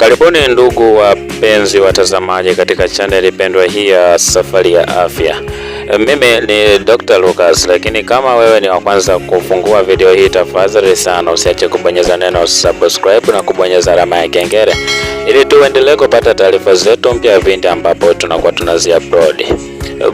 Karibuni ndugu wapenzi watazamaji, katika chaneli pendwa hii ya Safari ya Afya. Mimi ni Dr. Lucas, lakini kama wewe ni wa kwanza kufungua video hii, tafadhali sana usiache kubonyeza neno subscribe na kubonyeza alama ya kengele ili tuendelee kupata taarifa zetu mpya pindi ambapo tunakuwa tunazi upload.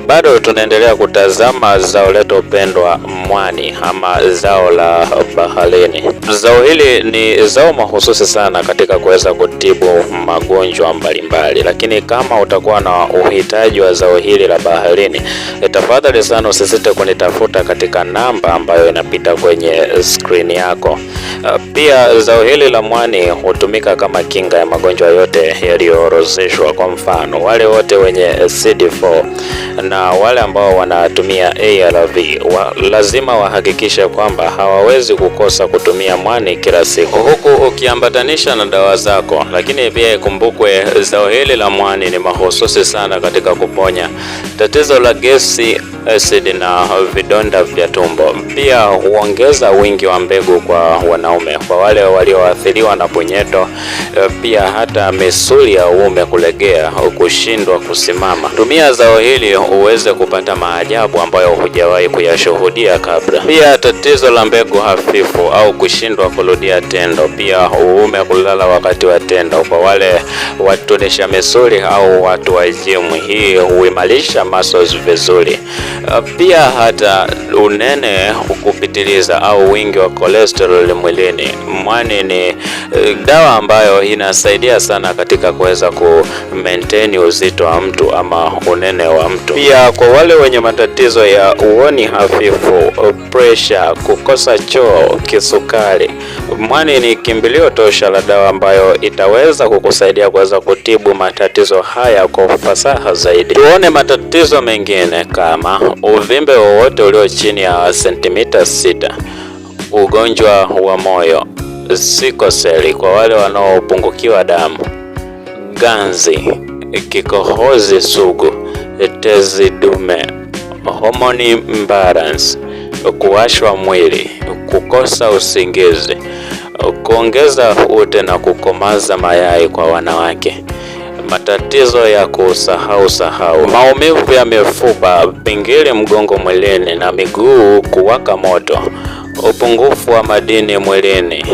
Bado tunaendelea kutazama zao letu pendwa mwani ama zao la baharini. Zao hili ni zao mahususi sana katika kuweza kutibu magonjwa mbalimbali, lakini kama utakuwa na uhitaji wa zao hili la baharini, tafadhali sana usisite kunitafuta katika namba ambayo inapita kwenye skrini yako. Pia zao hili la mwani hutumika kama kinga ya magonjwa yote yaliyoorozeshwa, kwa mfano wale wote wenye CD4 na wale ambao wanatumia ARV wa, lazima wahakikishe kwamba hawawezi kukosa kutumia mwani kila siku huku ukiambatanisha na dawa zako. Lakini pia ikumbukwe, zao hili la mwani ni mahususi sana katika kuponya tatizo la gesi acid na vidonda vya tumbo. Pia huongeza wingi wa mbegu kwa wanaume, kwa wale walioathiriwa na punyeto. E, pia hata misuli ya uume kulegea, kushindwa kusimama. Tumia zao hili uweze kupata maajabu ambayo hujawahi kuyashuhudia kabla. Pia tatizo la mbegu hafifu au kushindwa kurudia tendo, pia uume kulala wakati wa tendo, kwa wale watunisha misuli au watu wa jimu, hii huimarisha muscles vizuri. Eh, pia hata unene kupitiliza au wingi wa cholesterol mwilini. Mwani ni eh, dawa ambayo inasaidia sana katika kuweza ku maintain uzito wa mtu ama unene wa mtu. Pia kwa wale wenye matatizo ya uoni hafifu, eh, pressure, kukosa choo, kisukari Mwani ni kimbilio tosha la dawa ambayo itaweza kukusaidia kuweza kutibu matatizo haya kwa ufasaha zaidi. Tuone matatizo mengine kama uvimbe wowote ulio chini ya sentimita sita, ugonjwa wa moyo, sikoseli kwa wale wanaopungukiwa damu, ganzi, kikohozi sugu, tezi dume, homoni imbalance kuwashwa mwili, kukosa usingizi, kuongeza ute na kukomaza mayai kwa wanawake, matatizo ya kusahau sahau, maumivu ya mifupa, pingili, mgongo mwilini na miguu kuwaka moto, upungufu wa madini mwilini,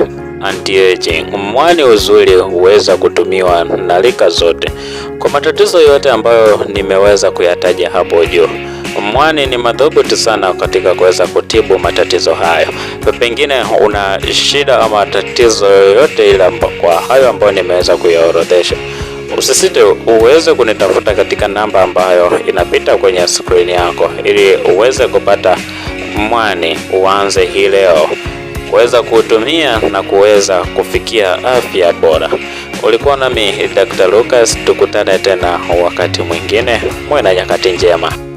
anti-aging. Mwani uzuri huweza kutumiwa na rika zote kwa matatizo yote ambayo nimeweza kuyataja hapo juu mwani ni madhubuti sana katika kuweza kutibu matatizo hayo. Pengine una shida ama tatizo yoyote ile, kwa hayo ambayo nimeweza kuyaorodhesha, usisite uweze kunitafuta katika namba ambayo inapita kwenye skrini yako, ili uweze kupata mwani uanze hii leo kuweza kuutumia na kuweza kufikia afya bora. Ulikuwa nami Dr. Lucas, tukutane tena wakati mwingine. Mwe na nyakati njema.